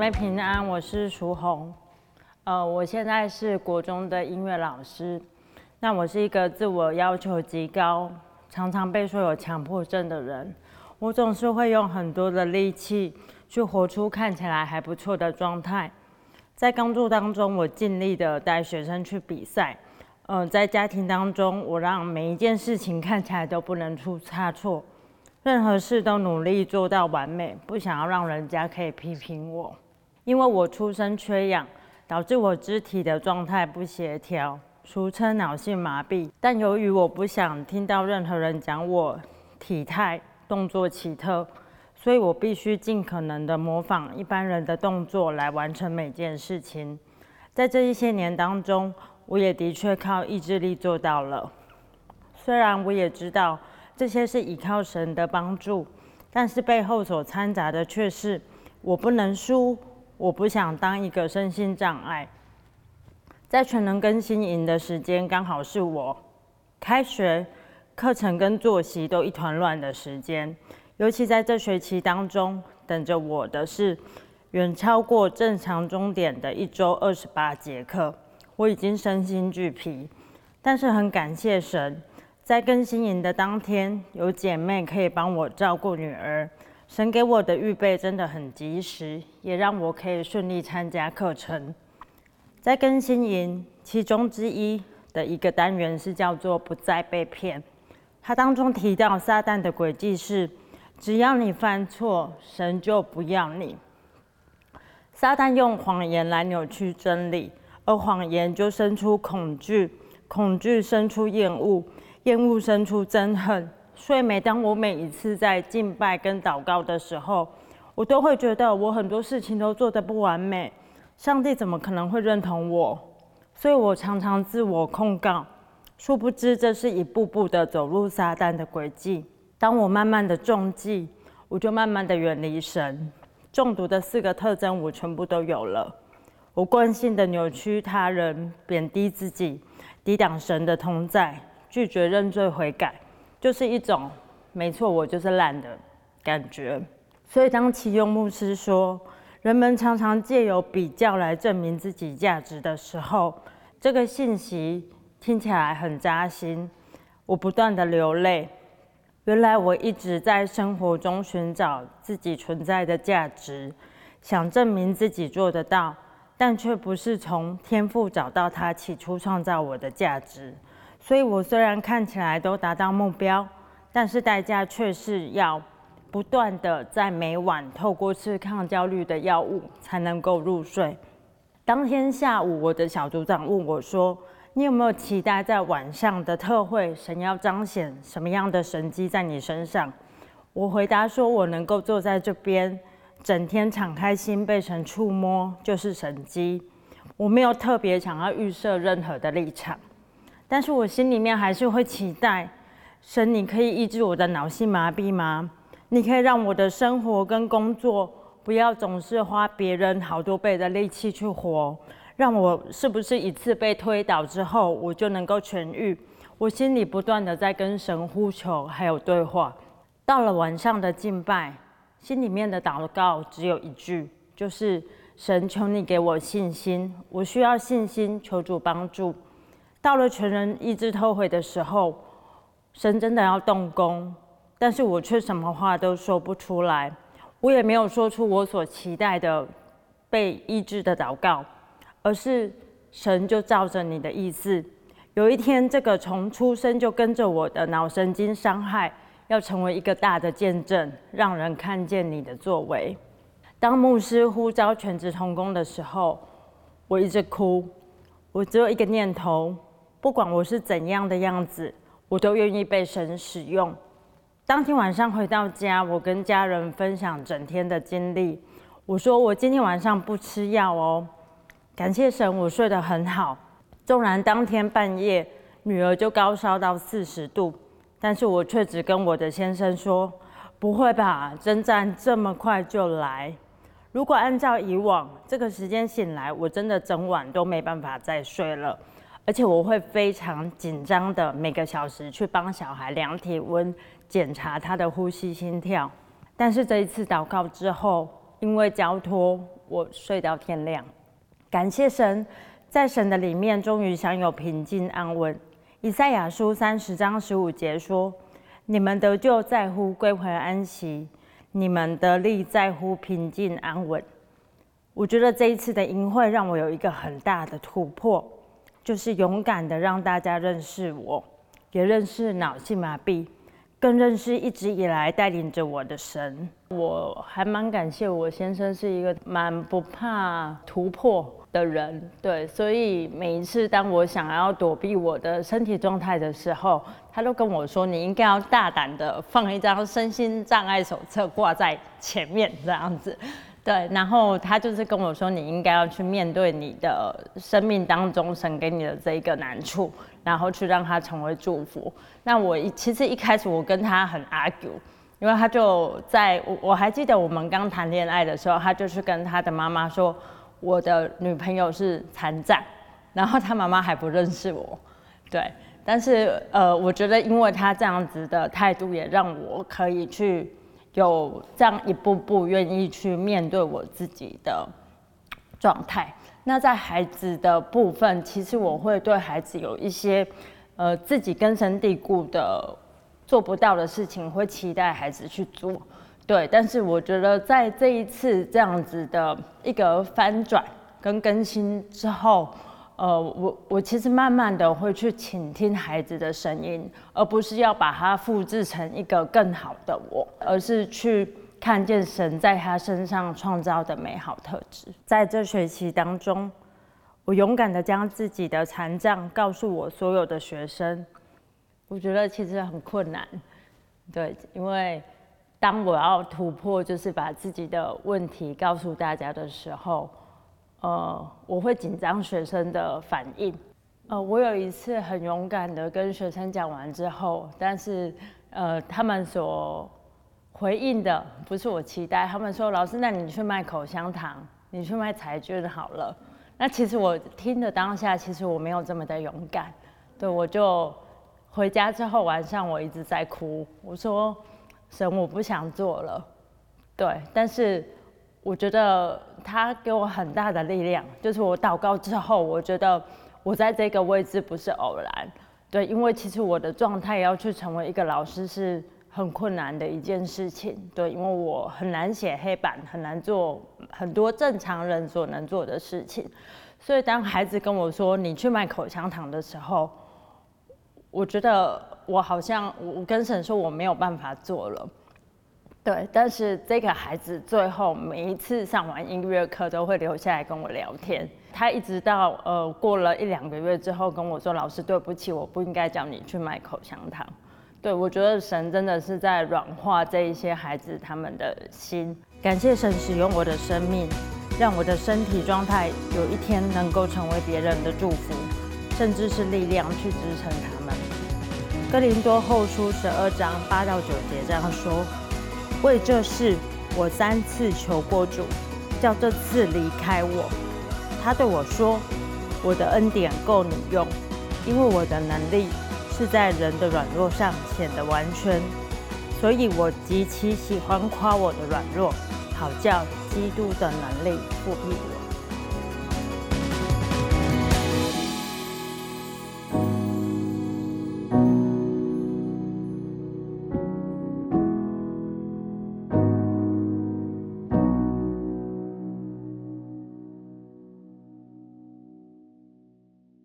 各位平安，我是淑虹。呃，我現在是國中的音樂老師。那我是一個自我要求極高，常常被說有強迫症的人。我總是會用很多的力氣去活出看起來還不錯的狀態。在工作當中，我盡力的帶學生去比賽。呃，在家庭當中，我讓每一件事情看起來都不能出差錯，任何事都努力做到完美，不想要讓人家可以批評我。因為我出生缺氧，導致我肢體的狀態不協調，俗稱腦性麻痹。但由於我不想聽到任何人講我體態動作奇特，所以我必須盡可能的模仿一般人的動作來完成每件事情。在這一些年當中，我也的確靠意志力做到了。雖然我也知道這些是依靠神的幫助，但是背後所摻雜的卻是我不能輸。我不想當一個身心障礙。在全能更新營的時間，剛好是我開學課程跟作息都一團亂的時間。尤其在這學期當中，等着我的是遠超過正常鐘點的一周二十八節課，我已經身心俱疲。但是很感謝神，在更新營的當天，有姐妹可以幫我照顧女兒。神給我的預備真的很及時，也讓我可以順利參加課程。在更新營其中之一的一個單元是叫做“不再被騙”。它當中提到，撒旦的詭計是：只要你犯錯，神就不要你。撒旦用謊言來扭曲真理，而謊言就生出恐懼，恐懼生出厭惡，厭惡生出憎恨。所以，每當我每一次在敬拜跟禱告的時候，我都會覺得我很多事情都做得不完美，上帝怎麼可能會認同我？所以我常常自我控告，殊不知這是一步步的走入撒旦的軌跡。當我慢慢的中計，我就慢慢的遠離神。中毒的四個特徵我全部都有了：我慣性的扭曲他人，貶低自己，抵擋神的同在，拒絕認罪悔改。就是一種，沒錯，我就是爛的感覺。所以當啟用牧師說，人們常常借由比較來證明自己價值的時候，這個信息聽起來很扎心。我不斷地流淚，原來我一直在生活中尋找自己存在的價值，想證明自己做得到，但卻不是從天父找到他起初創造我的價值。所以，我雖然看起來都達到目標，但是代價卻是要不斷的在每晚透過吃抗焦慮的藥物才能夠入睡。當天下午，我的小組長問我說：“你有沒有期待在晚上的特會，神要彰顯什麼樣的神蹟在你身上？”我回答說：“我能夠坐在這邊，整天敞開心被神觸摸，就是神蹟。我沒有特別想要預設任何的立場。”但是我心裡面還是會期待，神，你可以醫治我的腦性麻痹嗎？你可以讓我的生活跟工作不要總是花別人好多倍的力氣去活，讓我是不是一次被推倒之後我就能夠痊癒？我心裡不斷的在跟神呼求，還有對話。到了晚上的敬拜，心裡面的禱告只有一句，就是神，求你給我信心，我需要信心，求主幫助。到了全人醫治偷回的時候，神真的要動工，但是我卻什麼話都說不出來，我也沒有說出我所期待的被醫治的禱告，而是神就照着你的意思，有一天這個從出生就跟着我的腦神經傷害，要成為一個大的見證，讓人看見你的作為。當牧師呼召全職同工的時候，我一直哭，我只有一個念頭。不管我是怎樣的樣子，我都願意被神使用。當天晚上回到家，我跟家人分享整天的經歷。我說：“我今天晚上不吃藥哦，感謝神，我睡得很好。”縱然當天半夜女兒就高燒到四十度，但是我卻只跟我的先生說：“不會吧，征戰這麼快就來？如果按照以往這個時間醒來，我真的整晚都沒辦法再睡了。”而且我會非常緊張的，每個小時去幫小孩量體溫，檢查他的呼吸、心跳。但是這一次禱告之後，因為交托，我睡到天亮。感謝神，在神的裡面，終於享有平靜安穩。以賽亞書三十章十五節說：“你們得救在乎歸回安息，你們得力在乎平靜安穩。”我覺得這一次的營會讓我有一個很大的突破。就是勇敢的讓大家認識我，也認識腦性麻痹，更認識一直以來帶領着我的神。我還蠻感謝我先生是一個蠻不怕突破的人，對，所以每一次當我想要躲避我的身體狀態的時候，他都跟我說，你應該要大膽的放一張身心障礙手冊掛在前面這樣子。對，然後他就是跟我說，你應該要去面對你的生命當中神給你的這一個難處，然後去讓他成為祝福。那我一其實一開始我跟他很 argue，因為他就在我，我還記得我們剛談戀愛的時候，他就去跟他的媽媽說我的女朋友是殘障，然後他媽媽還不認識我，對，但是呃，我覺得因為他這樣子的態度，也讓我可以去。有這樣一步步願意去面對我自己的狀態。那在孩子的部分，其實我會對孩子有一些，呃，自己根深蒂固的做不到的事情，會期待孩子去做。對，但是我覺得在這一次這樣子的一個翻轉跟更新之後。呃，我我其實慢慢的會去傾聽孩子的聲音，而不是要把它複製成一個更好的我，而是去看見神在他身上創造的美好特質。在這學期當中，我勇敢的將自己的殘障告訴我所有的學生，我覺得其實很困難，對，因為當我要突破，就是把自己的問題告訴大家的時候。呃，我會緊張學生的反應。呃，我有一次很勇敢的跟學生講完之後，但是呃，他們所回應的不是我期待。他們說：“老師，那你去賣口香糖，你去賣彩券好了。”那其實我聽的當下，其實我沒有這麼的勇敢。對，我就回家之後晚上我一直在哭，我說：“神，我不想做了。”對，但是我覺得。他給我很大的力量，就是我禱告之後，我覺得我在這個位置不是偶然。對，因為其實我的狀態要去成為一個老師是很困難的一件事情。對，因為我很難寫黑板，很難做很多正常人所能做的事情。所以當孩子跟我說你去買口香糖的時候，我覺得我好像我跟神說我沒有辦法做了。對，但是這個孩子最後每一次上完音樂課都會留下來跟我聊天。他一直到呃過了一兩個月之後跟我說：“老師，對不起，我不應該叫你去買口香糖。對”對，我覺得神真的是在軟化這一些孩子他們的心。感謝神使用我的生命，讓我的身體狀態有一天能夠成為別人的祝福，甚至是力量去支撐他們。哥林多後書十二章八到九節這樣說。為這事，我三次求過主，叫這次離開我。他對我說：“我的恩典夠你用，因為我的能力是在人的軟弱上顯得完全。所以我極其喜歡誇我的軟弱，好叫基督的能力覆庇我。”